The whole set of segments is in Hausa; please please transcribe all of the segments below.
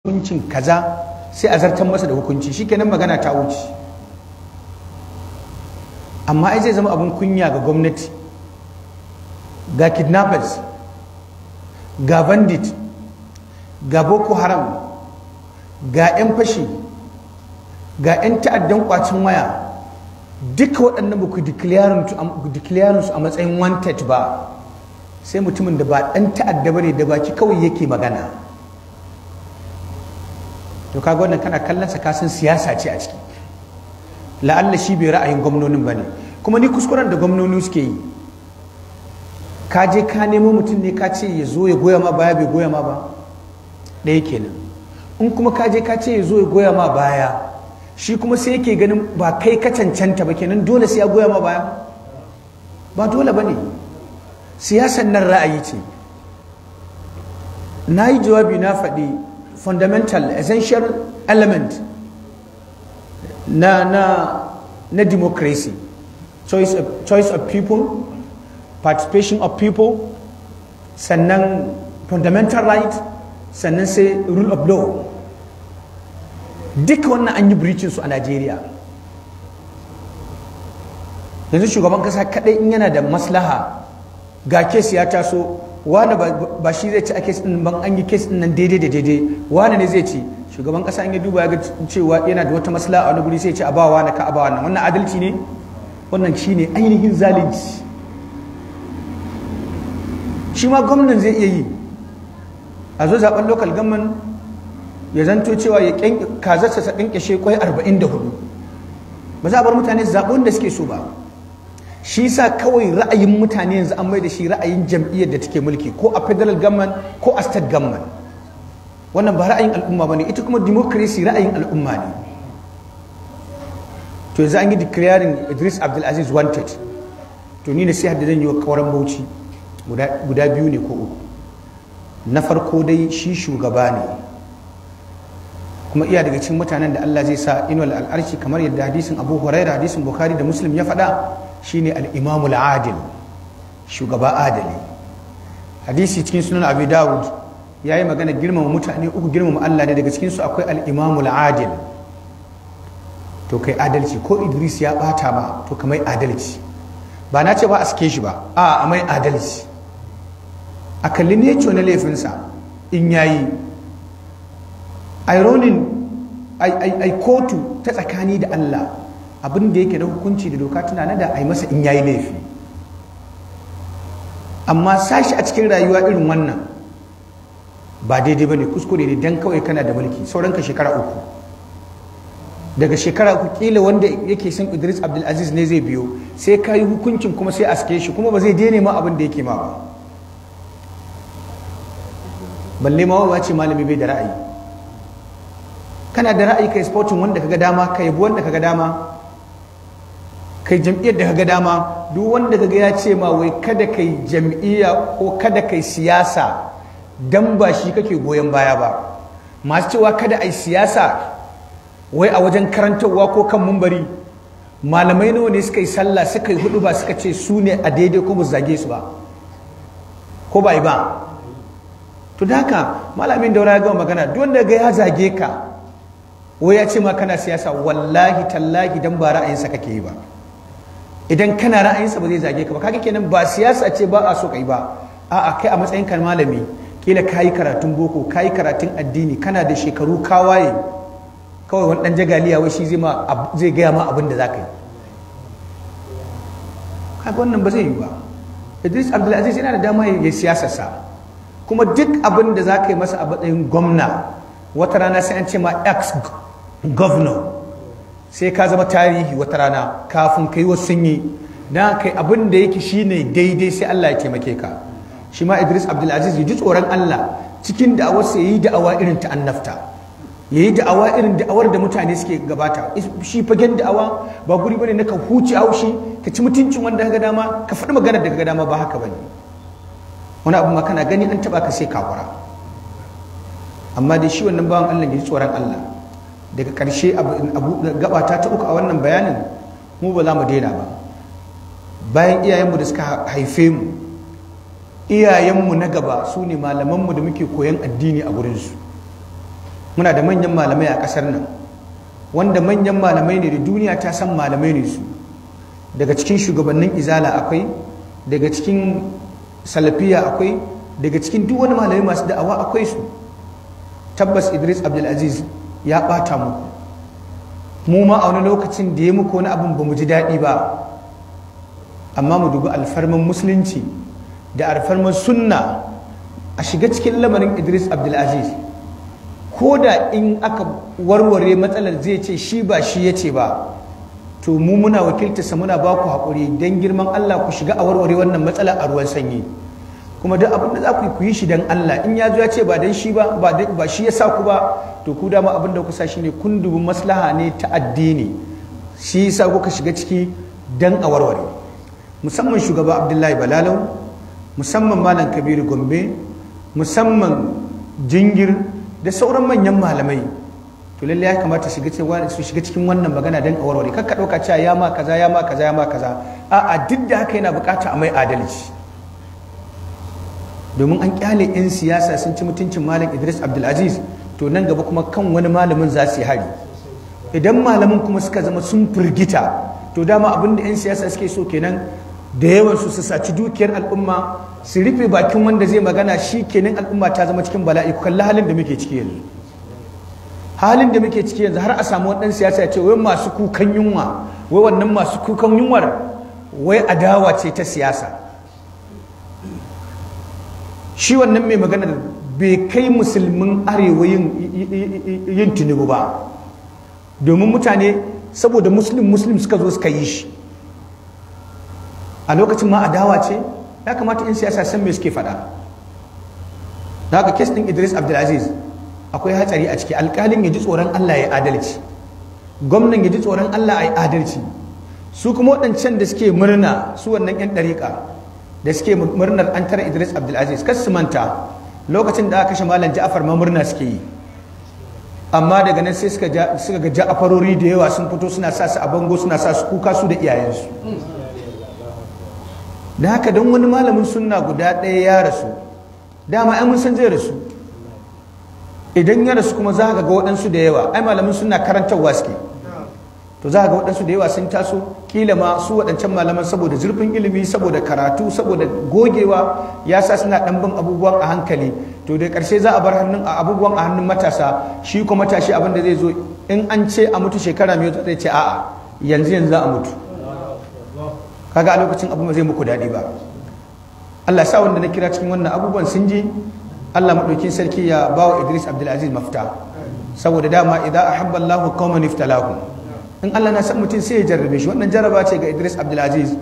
hukuncin kaza sai a zartar masa da hukunci shikenan magana ta wuce amma ai zai zama abin kunya ga gwamnati ga kidnappers ga bandit ga boko haram ga 'yan fashi ga 'yan ta'addan kwacin waya duka waɗannan ba ku su a matsayin wanted ba sai mutumin da ba ɗan ta'adda ba ne da baki kawai yake magana to kaga wannan kana kallon sa kasan siyasa ce a ciki la'alla shi bai ra'ayin gwamnonin bane kuma ni kuskuren da gwamnoni suke yi ka je ka nemo mutum ne ka ce ya zo ya goya ma baya bai goya ma ba ɗaya kenan in kuma ka je ka ce ya zo ya goya ma baya shi kuma sai yake ganin ba kai ka cancanta ba kenan dole sai ya goya ma baya ba dole ba ne siyasan nan ra'ayi ce na yi jawabi na faɗi fundamental essential element na na na democracy choice of, choice of people participation of people sannan fundamental right sannan sai rule of law duk wannan an yi breaching su a Najeriya yanzu shugaban kasa kadai in yana da maslaha ga kes ya taso wani ba shi zai ci a kes ban an yi kes nan daidai da daidai wani ne zai ci shugaban kasa an yi duba ya ga cewa yana da wata masala a wani sai ci a bawa na ka a nan wannan adalci ne wannan shi ne ainihin zalunci shi ma gwamnan zai iya yi a zo zaben local gamman ya zanto cewa ya kazarsa sa arba'in kwai hudu ba za a bar mutane zaɓen da suke so ba shi sa kawai ra'ayin mutane yanzu an mai da shi ra'ayin jam'iyyar da take mulki ko a federal government ko a state government wannan ba ra'ayin al'umma ba ne ita kuma democracy ra'ayin al'umma ne to yanzu an yi declaring idris abdulaziz wanted to ni da sai da zan yi wa bauchi guda biyu ne ko uku na farko dai shi shugaba ne kuma iya daga cikin mutanen da Allah zai sa inuwal al'arshi kamar yadda hadisin Abu Huraira hadisin Bukhari da Muslim ya faɗa shine ne imamu shugaba adali hadisi cikin sunan Abu dawud ya yi magana girmama mutane uku girmama allah ne daga cikinsu akwai al'imamul to kai adalci ko idris ya bata ma to mai adalci ba na ce ba a sike shi ba a a mai adalci a kalli ne neco na laifinsa in ya yi. ironin ai kotu ta tsakani da allah abin da yake da hukunci da doka tana nada a yi masa in yayi laifi amma sashi a cikin rayuwa irin wannan ba daidai ba ne kuskure ne don kawai kana da mulki sauran ka shekara uku daga shekara uku kila wanda yake san idris abdulaziz ne zai biyo sai ka yi hukuncin kuma sai a shi kuma ba zai daina ma abin da yake ma ba balle ma wa ce malami bai da ra'ayi kana da ra'ayi kai sportin wanda ka ga dama ka yabi wanda ga dama kai jam'iyyar da ga dama duk wanda kaga ya ce ma wai kada kai jam'iyya ko kada kai siyasa dan ba shi kake goyon baya ba masu cewa kada ai siyasa wai a wajen karantarwa ko kan mumbari malamai nawa ne suka yi sallah suka yi hudu ba suka ce su ne a daidai ko ba zage su ba ko ba ba to da haka malamin daura ya gama magana duk wanda ga ya zage ka wai ya ce ma kana siyasa wallahi tallahi dan ba ra'ayinsa kake yi ba idan kana ra'ayinsa ba zai zage ka ba kaga kenan ba siyasa ce ba a so kai ba a kai a matsayin kan malami kila kayi karatun boko kayi karatun addini kana da shekaru kawaye kawai wani dan jagaliya wai shi zai gaya ma abin da za ka yi kaga wannan ba zai yi ba Idris Abdulaziz yana da dama ya yi siyasarsa kuma duk abin da za ka yi masa a matsayin gwamna wata rana sai an ce ma ex governor sai ka zama tarihi wata rana kafin kai wasu sunyi na kai abin da yake shine daidai sai Allah ya taimake ka shi ma Idris Abdulaziz ya ji tsoron Allah cikin da'awarsa ya yi da'awa irin ta annafta ya yi da'awa irin da'awar da mutane suke gabata shi fagen da'awa ba guri bane na ka huce haushi ka ci mutuncin wanda ka dama ka faɗi magana da ga dama ba haka bane wani abu ma kana gani an taba ka sai kakura amma dai shi wannan bawan Allah ya ji tsoron Allah daga ƙarshe gabata ta uku a wannan bayanin mu ba za mu daina ba bayan iyayenmu da suka haife mu iyayenmu na gaba su ne malamanmu da muke koyan addini a gurinsu muna da manyan malamai a ƙasar nan wanda manyan malamai ne da duniya ta san malamai ne su daga cikin shugabannin izala akwai daga cikin salafiya akwai daga cikin duk wani malamai masu da'awa akwai su tabbas idris abdulaziz ya ɓata mu mu ma a wani lokacin da ya muku wani abin ba mu ji daɗi ba amma mu dubi alfarman musulunci da alfarman sunna a shiga cikin lamarin idris abdulaziz ko da in aka warware matsalar zai ce shi ba shi ya ce ba to mu muna wakiltarsa muna ba ku haƙuri don girman allah ku shiga a warware wannan matsalar a ruwan sanyi kuma duk abin da za ku yi ku yi shi don Allah in ya zo ya ce ba don shi ba ba shi ya sa ku ba to ku dama abin da kusa ne kun dubi maslaha ne ta addini shi yasa kuka shiga ciki don a warware musamman shugaba Abdullahi Balalau musamman malam Kabiru Gombe musamman jingir da sauran manyan malamai to lalle ya kamata su shiga cikin wannan magana don a warware kakka ɗauka cewa ya ma kaza ya ma kaza ya ma kaza a'a duk da haka yana bukata a mai adalci domin an kyale 'yan siyasa sun ci mutuncin malam idris abdulaziz to nan gaba kuma kan wani malamin za su yi hari idan malamin kuma suka zama sun firgita to dama abin da 'yan siyasa suke so kenan da yawan su su saci dukiyar al'umma su rufe bakin wanda zai magana shi kenan al'umma ta zama cikin bala'i ku kalli halin da muke ciki yanzu halin da muke ciki yanzu har a samu wani siyasa ya ce wai masu kukan yunwa wai wannan masu kukan yunwar wai adawa ce ta siyasa shi wannan mai magana bai kai musulmin arewa yin tunubu ba domin mutane saboda musulun-musulun suka zo suka yi shi a lokacin ma adawa ce ya kamata 'yan siyasa san mai suke faɗa Na ga kes ɗin idris abdulaziz akwai hatsari a ciki alkalin ya ji tsoron allah ya adalci gwamnan ya ji tsoron allah ya adalci su kuma waɗancan da suke murna su wannan 'yan ɗariƙa da suke murnar an tara Idris Abdulaziz kas su manta lokacin da aka kashe Malam Ja'far ma murna suke yi amma daga nan sai suka ga ja'afarori da yawa sun fito suna sa su a bango suna sa su kuka su da iyayensu da haka don wani malamin sunna guda ɗaya ya rasu dama ai mun san zai rasu idan ya rasu kuma za ka ga waɗansu da yawa ai malamin suna karantarwa suke to za ga waɗansu da yawa sun taso kila ma su waɗancan malaman saboda zurfin ilimi saboda karatu saboda gogewa ya sa suna ɗan bin abubuwan a hankali to da ƙarshe za a bar hannun a abubuwan a hannun matasa shi ko matashi abin da zai zo in an ce a mutu shekara mai zai ce a'a yanzu yanzu za a mutu kaga a lokacin abu zai muku daɗi ba Allah sa wanda na kira cikin wannan abubuwan sun ji Allah maɗaukin sarki ya bawa Idris Abdulaziz mafita saboda dama idan ahabba Allahu qauman iftalahum in Allah na san mutum sai ya jarrabe shi wannan jaraba ce ga Idris Abdulaziz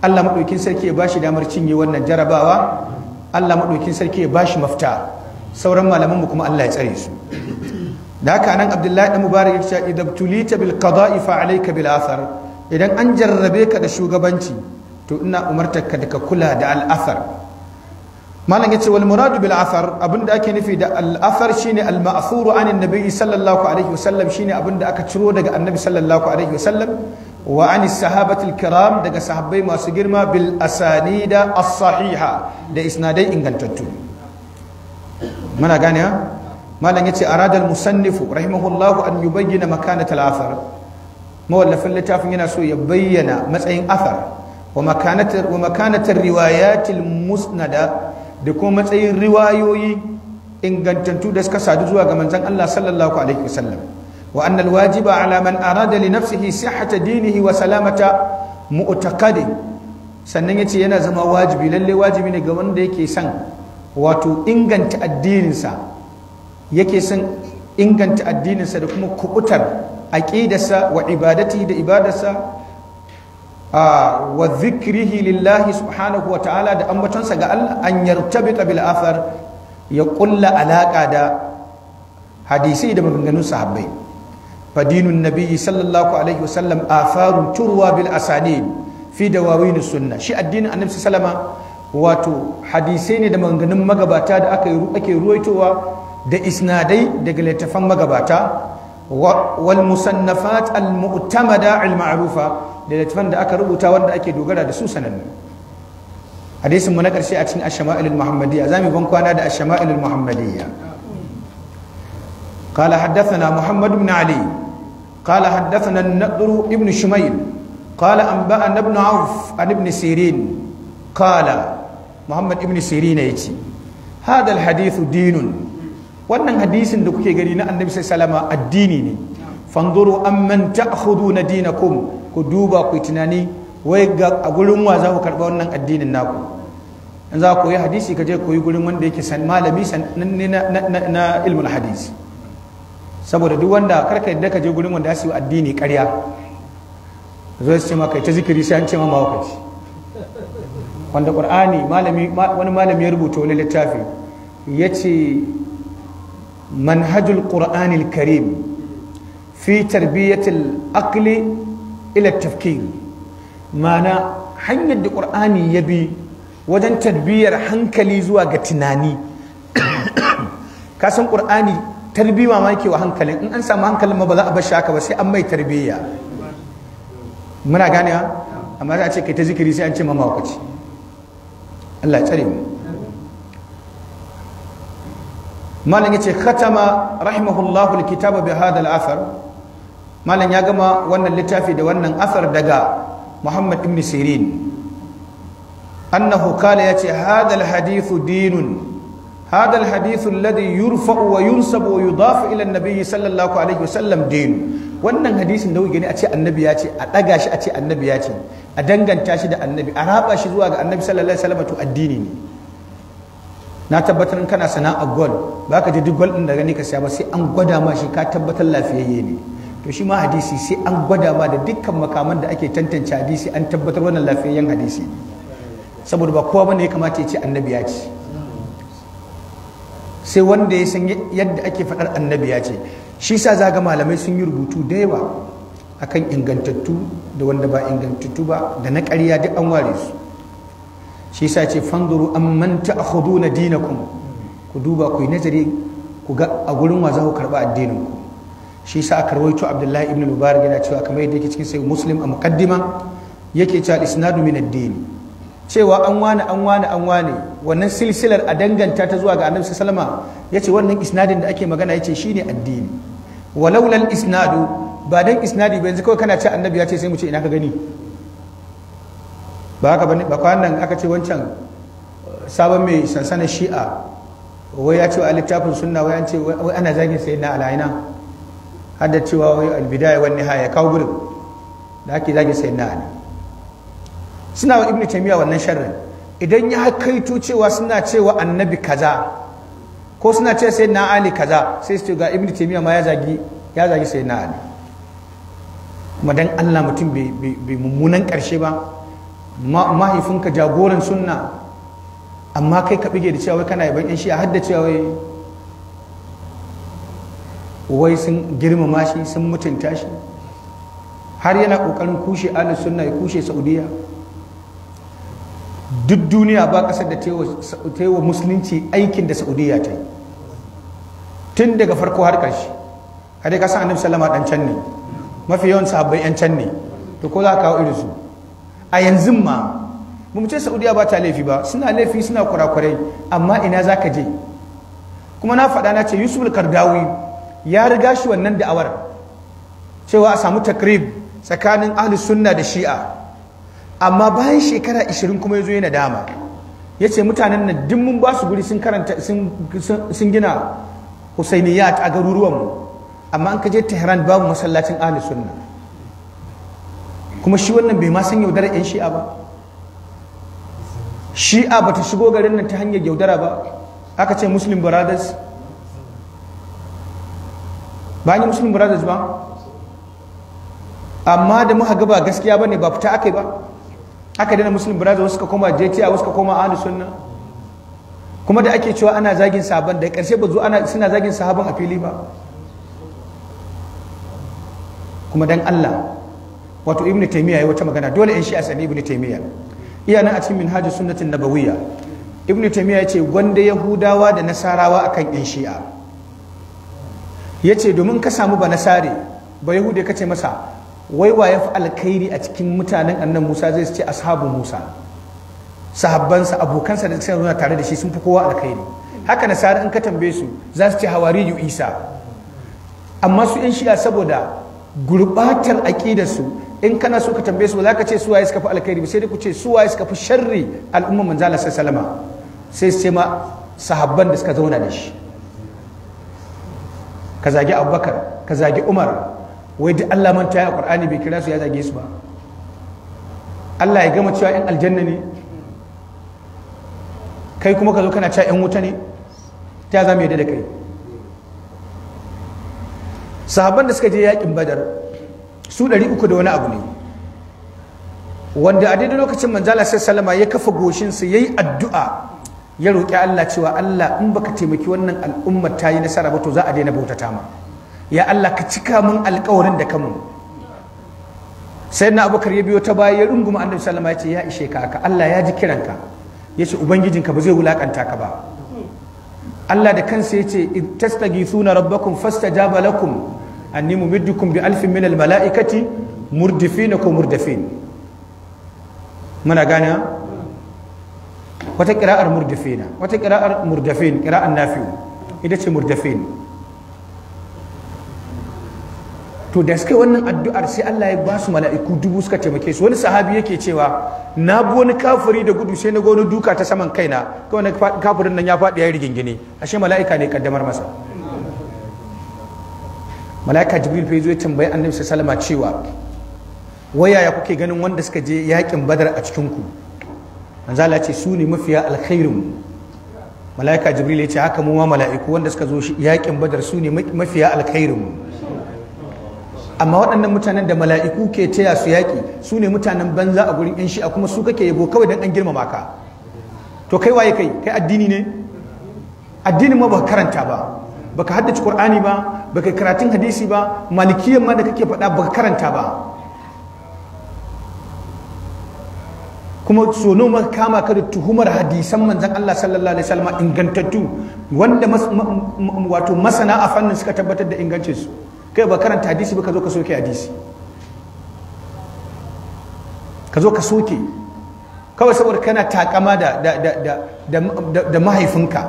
Allah madaukin sarki ya bashi damar cinye wannan jarabawa Allah madaukin sarki ya bashi mafita sauran malaman mu kuma Allah ya tsare su da haka nan Abdullahi dan Mubarak ya ce idab tulita bil qada'i fa alayka bil athar idan an jarrabe ka da shugabanci to ina umartar ka da ka kula da al athar malam yace wal muradu bil athar da ake nufi da al athar shine al ma'thuru an annabi sallallahu alaihi wasallam shine da aka ciro daga annabi sallallahu alaihi wasallam wa an sahabatul kiram daga sahabbai masu girma bil asanida as sahiha da isnadai ingantattu muna gane ha malam yace arada al musannif rahimahullahu an yubayyana makana al athar mawallafin littafin yana so ya bayyana matsayin athar wa makanatar wa makanatar riwayatil musnada da kuma matsayin riwayoyi ingantattu da suka sadu zuwa ga manzon Allah sallallahu alaihi wasallam wa anna alwajiba ala man arada li nafsihi sihhata dinihi wa salamata mu'taqadi sannan yace yana zama wajibi lalle wajibi ne ga wanda yake son wato inganta addininsa yake son inganta addininsa da kuma kubutar aqidarsa wa ibadati da ibadarsa Ah, wa zikrihi lillahi subhanahu wa ta'ala da ambatonsa ga Allah an yartabita bil athar ya kulla alaka da hadisi da maganganun sahabbai fadinun nabiyyi sallallahu alaihi wasallam atharun turwa bil asanid fi dawawin sunna shi addinin annabi sallama wato hadisai ne da maganganun magabata da aka ake ruwaitowa da isnadai daga littafan magabata wal musannafat al mu'tamada al ma'rufa da littafan da aka rubuta wanda ake dogara da su sanannu hadisin mu na karshe a cikin ash-shama'il al-muhammadiyya zamu ban kwana da ash-shama'il al-muhammadiyya قال حدثنا محمد بن علي قال حدثنا النضر ابن شميل قال أنبأنا ابن عوف عن ابن سيرين قال محمد ابن سيرين يتي هذا الحديث دين wannan hadisin da kuke gani na annabi sai salama addini ne fanzuru amman ta'khuduna dinakum ku duba ku tunani wai ga a gurin wa za ku karɓa wannan addinin naku in za ku yi hadisi ka je ku yi gurin wanda yake san malami na ilmin hadisi saboda duk wanda karka yadda ka je gurin wanda ya su addini karya zai ce maka ta zikiri sai an ce ma mawakaci wanda qur'ani wani malami ya rubuta wani littafi Ya ce manhajul qur'anil karim fi tarbiyatil aqli ila tafkir mana hanyar da ƙur'ani ya bi wajen tarbiyyar hankali zuwa ga tunani kasan ƙur'ani tarbi ke wa hankalin in an samu hankalin ma ba za a bar shaka ba sai an mai tarbiyya muna ganewa amma za a ce kai ta zikiri sai an ce ma mawakaci Allah ya tsare mu malam yace khatama rahimahullahu alkitaba bi hadha al-athar malam ya gama wannan littafi da wannan asar daga muhammad ibn sirin annahu kala ce hadal hadithu dinun hadal hadithu alladhi yurfa'u wa yunsabu wa yudafu ila an sallallahu alaihi sallam din wannan hadisin da wuge ne a ce annabi ya ce a daga shi a ce annabi ya ce a danganta shi da annabi a raba shi zuwa ga annabi sallallahu alaihi sallam to addini ne na tabbatar in kana sana'ar gol ba ka ji duk gol ɗin da gani ka siya ba sai an gwada ma shi ka tabbatar lafiyayye ne to shi ma hadisi sai an gwada ma da dukkan makaman da ake tantance hadisi an tabbatar wannan lafiyayyen hadisi saboda ba kowa bane ya kamata ya ce annabi ya ce sai wanda ya san yadda ake faɗar annabi ya ce shi sa zaga malamai sun yi rubutu da yawa akan ingantattu da wanda ba ingantattu ba da na ƙarya duk an ware su shi sa ce fangaro an manta a na dinakun ku duba ku yi nazari ku ga a gurin wa za ku karɓa addinin ku shi sa aka rawaito abdullahi ibn mubarak yana cewa kamar yadda yake cikin sai muslim a muqaddima yake cewa isnadu min ad-din cewa an wani an wani an wani wannan silsilar a danganta ta zuwa ga annabi sallama yace wannan isnadin da ake magana yace shine addini walaula al-isnadu ba dan isnadi ba yanzu kawai kana ce annabi ya ce sai mu ce ina ka gani ba haka bane ba kwanan aka ce wancan uh, sabon mai sansanin shi'a wai ya ce a littafin sunna wai an ce wai ana zagin sayyidina alaina har da cewa wai albidaya wani haya kawo gurin da ake zagi sai na ne suna wa ibnu taymiya wannan sharrin idan ya kaito cewa suna cewa annabi kaza ko suna ce sai na ali kaza sai su ga ibnu taymiya ma ya zagi ya zagi sai na ali kuma dan Allah mutum bai mummunan karshe ba mahaifinka jagoran sunna amma kai ka bige da cewa wai kana yaban yan shi a hadda cewa wai wai sun girmama shi sun mutunta shi har yana kokarin kushe ahlus sunna ya kushe saudiya duk duniya ba ƙasar da ta yi wa musulunci aikin da saudiya ta yi tun daga farko har ƙarshe har dai kasan annabi sallama ɗan can ne mafi yawan sahabbai yan can ne to ko za ka kawo su a yanzu ma ba ce saudiya ba ta laifi ba suna laifi suna kurakurai amma ina za ka je kuma na faɗa na ce yusuf kardawi ya riga shi wannan da'awar cewa a samu takrib tsakanin ahli sunna da shi'a amma bayan shekara 20 kuma ya zo yana dama ce mutanen nan duk mun ba su guri sun karanta sun gina husainiyat a garuruwan mu amma an kaje Tehran babu masallacin ahli sunna kuma shi wannan bai ma san yaudarar yan shi'a ba shi'a bata shigo garin nan ta hanyar yaudara ba aka ce muslim brothers bayan musulun brothers ba amma da muka gaskiya ba gaskiya bane ba fita yi ba aka dana musulun brothers wasu ka koma a wasu ka koma ahlus sunna kuma da ake cewa ana zagin sahaban da karshe ba zo ana suna zagin sahaban a fili ba kuma dan Allah wato ibnu taymiya yayi wata magana dole in shi asali ibnu taymiya iya nan a cikin minhajus sunnatin nabawiyya ibnu taymiya yace gwanda yahudawa da nasarawa akan in shi'a ya ce domin ka samu ba nasare ba yahude ka ce masa wai wa ya fi alkhairi a cikin mutanen annan musa zai ce ashabu musa sahabbansa abokansa da suka zauna tare da shi sun fi kowa alkhairi haka nasara in ka tambaye su za su ce hawariyu isa amma su yan shi'a saboda gurbatar aƙidarsu in kana so ka tambaye su ba za ka ce suwaye suka fi alkhairi ba sai dai ku ce suwaye suka fi sharri al'umma manzala salama sai sai ma sahabban da suka zauna da shi ka zagi abubakar ka zagi umar wai duk allah manta ya ƙur'ani bai kira su ya zage su ba allah ya gama cewa yan aljanna ne kai kuma ka zo kana cewa yan wuta ne ta za mu yadda da kai sahabban da suka je yakin badar su ɗari uku da wani abu ne wanda a daidai lokacin manzala sai salama ya kafa goshinsa ya yi addu'a ya roƙi Allah cewa Allah in baka taimaki wannan al'ummar ta yi nasara ba to za a daina bautata ma ya Allah ka cika mun alƙawarin da kanmu sai na abubakar ya biyo ta baya ya runguma annabi sallama ya ce ya ishe ka haka Allah ya ji kiranka ya ce ubangijinka ba zai wulakanta ka ba Allah da kansa ya ce in tastaghithuna rabbakum fastajaba lakum anni mumiddukum bi alfin min al mala'ikati murdifina ko murdafin muna gane wata kira'ar murdafina wata kira'ar murdafin kira'ar nafi'u ita ce murdafin to da suka wannan addu'ar sai Allah ya ba su mala'iku dubu suka taimake su wani sahabi yake cewa na bi wani kafiri da gudu sai na ga wani duka ta saman kaina kawai na kafirin nan ya faɗi ya yi rigingine ashe mala'ika ne kaddamar masa mala'ika jibril fa zo ya tambayi annabi wasallam cewa waya ya kuke ganin wanda suka je yakin badar a cikin ku manzala ce su ne mafiya alkhairun mala'ika jibril ya ce haka mu ma mala'iku wanda suka zo yakin badar su ne mafiya alkhairin amma waɗannan mutanen da mala'iku ke taya su yaƙi su ne mutanen banza a gurin yan shi'a kuma su kake yabo kawai don an girmama ka to kai waye kai kai addini ne addinin ma ba karanta ba baka haddace qur'ani ba baka karatun hadisi ba malikiyan ma da kake faɗa baka karanta ba kuma sono ma kama ka da tuhumar hadisan manzan Allah sallallahu alaihi wasallam ingantattu wanda wato masana a fannin suka tabbatar da ingancin su kai ba karanta hadisi ba ka zo ka soke hadisi ka zo ka soke kawai saboda kana takama da da mahaifinka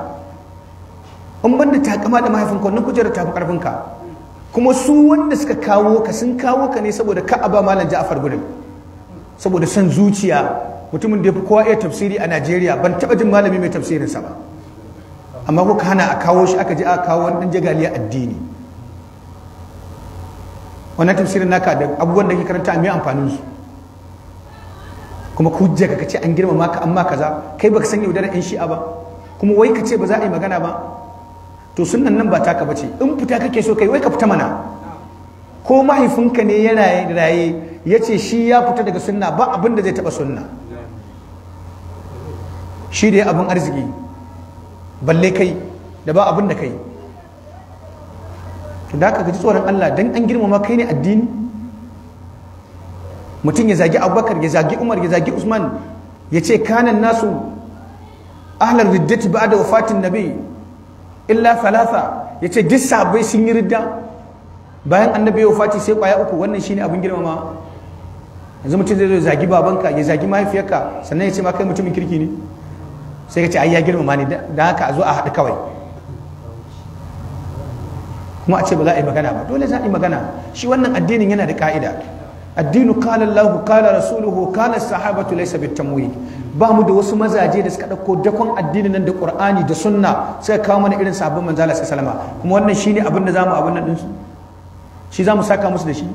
in ban da takama da mahaifinka wannan kujerar tafi karfinka kuma su wanda suka kawo ka sun kawo ka ne saboda ka'aba aba malam Ja'far gudun saboda son zuciya mutumin da ya fi kowa iya tafsiri a najeriya ban taba jin malami mai tafsirinsa ba amma kuka hana a kawo shi aka ji a kawo wani ɗan jagaliya addini wannan tafsirin naka da abubuwan da ke karanta a mai amfanin su kuma ku hujja ka ce an girmama ka amma kaza kai baka san yaudarar yan shi'a ba kuma wai ka ce ba za a yi magana ba to sunan nan ba taka bace in fita kake so kai wai ka fita mana ko mahaifinka ne ya raye ya ce shi ya fita daga sunna ba abin da zai taba sunna shi da ya abin arziki balle kai da ba abin da kai to da ka ji tsoron Allah dan an girmama kai ne addini mutum ya zagi abubakar ya zagi umar ya zagi usman ya ce kanan nasu ahlar riddati ba da wafatin nabi illa falafa ya ce duk sabai sun yi ridda bayan annabi ya wafati sai kwaya uku wannan shine abin girmama yanzu mutum zai zo zagi babanka ya zagi mahaifiyarka sannan ya ce ma kai mutumin kirki ne sai ka ce ai ya girmama ni da haka a zo a haɗu kawai kuma a ce ba za a yi magana ba dole za a yi magana shi wannan addinin yana da ka'ida addinu kala Allah kala rasuluhu kala sahabatu laysa bitamwi ba mu da wasu mazaje da suka dauko dakon addinin nan da Qur'ani da sunna suka kawo mana irin sabon manzala sai salama kuma wannan shine abin da zamu abin nan din shi zamu saka musu da shi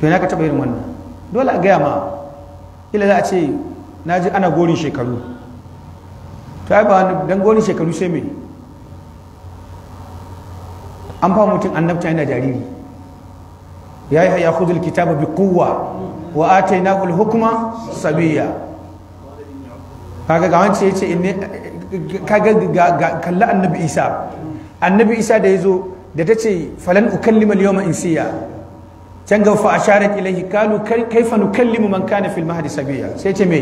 to ina ka taba irin wannan dole a gaya ma ila za a ce na ji ana gorin shekaru ta yi ba don gorin shekaru sai mai an fa mutum annabta yana jariri ya yi haya kudul kitaba bi kowa wa yi yana hukuma sabiya kaga gawance ya ce kaga ga kalla annabi isa annabi isa da ya zo da ta ce falan ukallima liyoma insiya can ga fa asharat ilai kalu kaifa nukallimu man kana fil mahdi sabiya sai ce me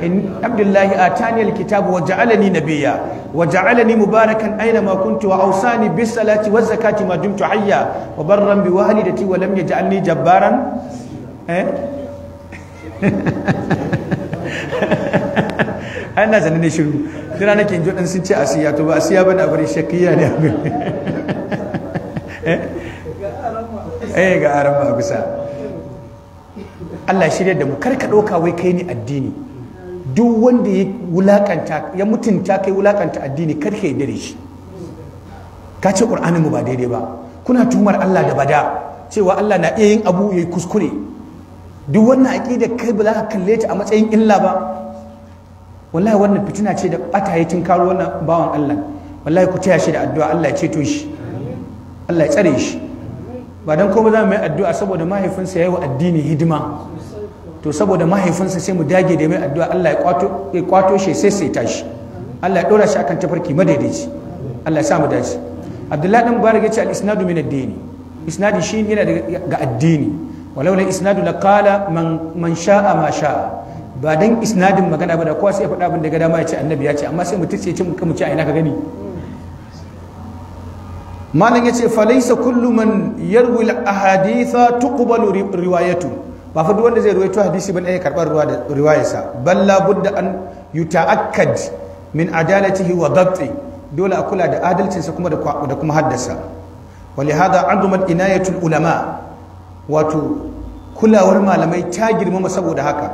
in abdullahi atani alkitabu wa ja'alani nabiyya wa ja'alani mubarakan aina ma kuntu wa awsani bis salati waz zakati ma dumtu hayya wa barran bi walidati wa lam yaj'alni jabbaran eh ana ne shiru dana nake injo dan sun ce asiya to ba asiya bane abin shakiya ne abin eh eh ga aran ba bisa Allah shirya da mu kar ka ɗauka wai kai ne addini duk wanda ya wulakanta ya mutunta kai wulakanta addini kar ka yi shi ka ce mu ba daidai ba kuna tumar Allah da bada cewa Allah na iya yin abu yayi kuskure duk wannan aqida kai ba za ka kalle ta a matsayin illa ba wallahi wannan fitina ce da bata ya karo wannan bawan Allah wallahi ku taya shi da addu'a Allah ya ceto shi Allah ya tsare shi ba don kuma za mu yi addu'a saboda mahaifinsa ya yi wa addini hidima to saboda mahaifinsa sai mu dage da mai addu'a Allah ya kwato shi sai sai tashi Allah ya ɗora shi akan tafarki madaidaici Allah ya sa mu dace Abdullahi dan Mubarak yace al-isnadu min ad-dini isnadi shi yana ga addini walau la isnadu laqala man man sha'a ma sha'a ba dan isnadin magana ba da kowa sai ya faɗa abin da ga dama ya ce annabi ya ce amma sai mu tace ce mu ci a ina ka gani malam ce falaisa kullu man yarwi ahaditha tuqbalu riwayatu ba fa duk wanda zai ruwaito hadisi bane ya karbar ruwa da riwayarsa bal la budda an yuta'akkad min adalatihi wa dabti dole a kula da adalcinsa kuma da kuma haddasa walihada azumat inayatul ulama wato kulawar malamai ta girmama saboda haka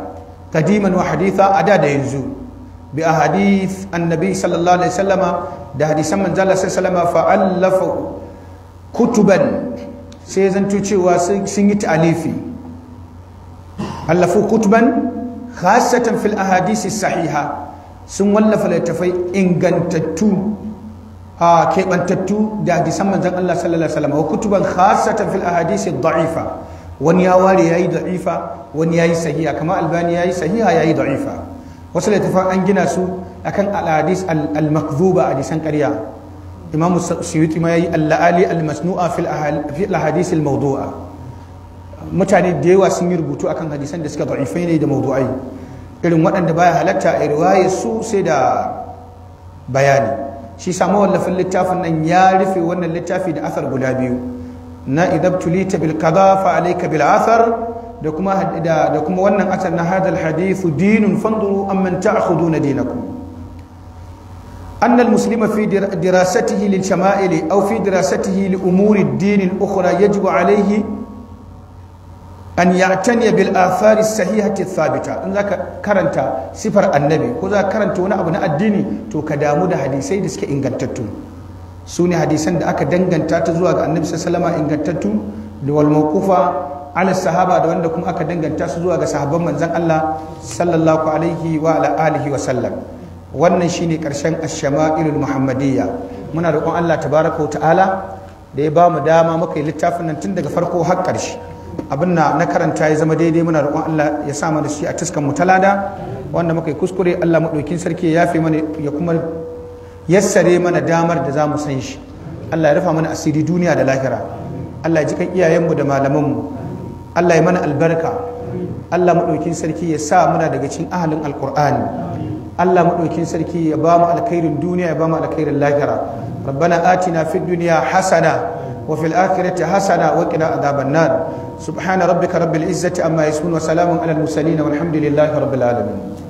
kadiman wa haditha a da da yanzu bi ahadith annabi sallallahu alaihi wasallama da hadisan manzo Allah sallallahu alaihi wasallama fa kutuban sai zanto cewa sun yi ta'alifi allafu kutuban khasatan fil ahadisi sun wallafa littafai ingantattu a da hadisan manzon Allah sallallahu alaihi wa kutuban khasatan fil ahadisi da'ifa wani ya ware yayi da'ifa wani yayi sahiha kamar albani yayi sahiha yayi da'ifa wasu littafan an gina su akan al-hadis al-makdhuba hadisan ƙarya imam suyuti ma yi al-la'ali al-masnu'a fil ahadis al-mawdu'a mutane da yawa sun yi rubutu akan hadisan da suka da'ifai ne da mawdu'ai irin waɗanda baya halatta a riwaya su sai da bayani shi samu wallafin littafin nan ya rufe wannan littafi da asar guda biyu na idabtulita bil kaza fa alayka bil athar da kuma da kuma wannan asar na hadal hadithu dinun fanduru amman ta'khuduna dinakum أن المسلم في دراسته للشمائل أو في دراسته لأمور الدين الأخرى يجب عليه أن يعتني بالآثار الصحيحة الثابتة إن ذاك كرنت سفر النبي كذا كرنت وانا أبناء الدين تو كدامو دا حديثي دسك إنغتتو سوني حديثا دا أكا دنغن تاتزوا النبي صلى الله عليه وسلم إنغتتو والموقوفة ala sahaba da wanda kuma aka danganta su zuwa ga sahabban manzon Allah sallallahu alaihi wa ala alihi wa sallam wannan shine karshen ash-shama'ilul muhammadiyya muna roƙon Allah tabaraka wa ta'ala da ya bamu dama muka yi littafin nan tun daga farko har ƙarshe abin na na karanta ya zama daidai muna roƙon Allah ya sa mana shi a tiskan mu talada wanda muka yi kuskure Allah madaukin sarki ya yafe mana ya kuma yassare mana damar da za mu san shi Allah ya rufa mana asiri duniya da lahira Allah ya ji kan iyayenmu da malamanmu Allah ya mana albarka Allah maɗaukin sarki ya sa muna daga cikin ahalin alkur'ani Allah maɗaukin sarki ya ba mu alkhairin duniya ya ba mu alkhairin lahira rabbana atina fid dunya hasana wa fil akhirati Hassana wa qina adhaban nar subhana rabbika rabbil izzati amma yasifun wa salamun alal mursalin walhamdulillahi rabbil alamin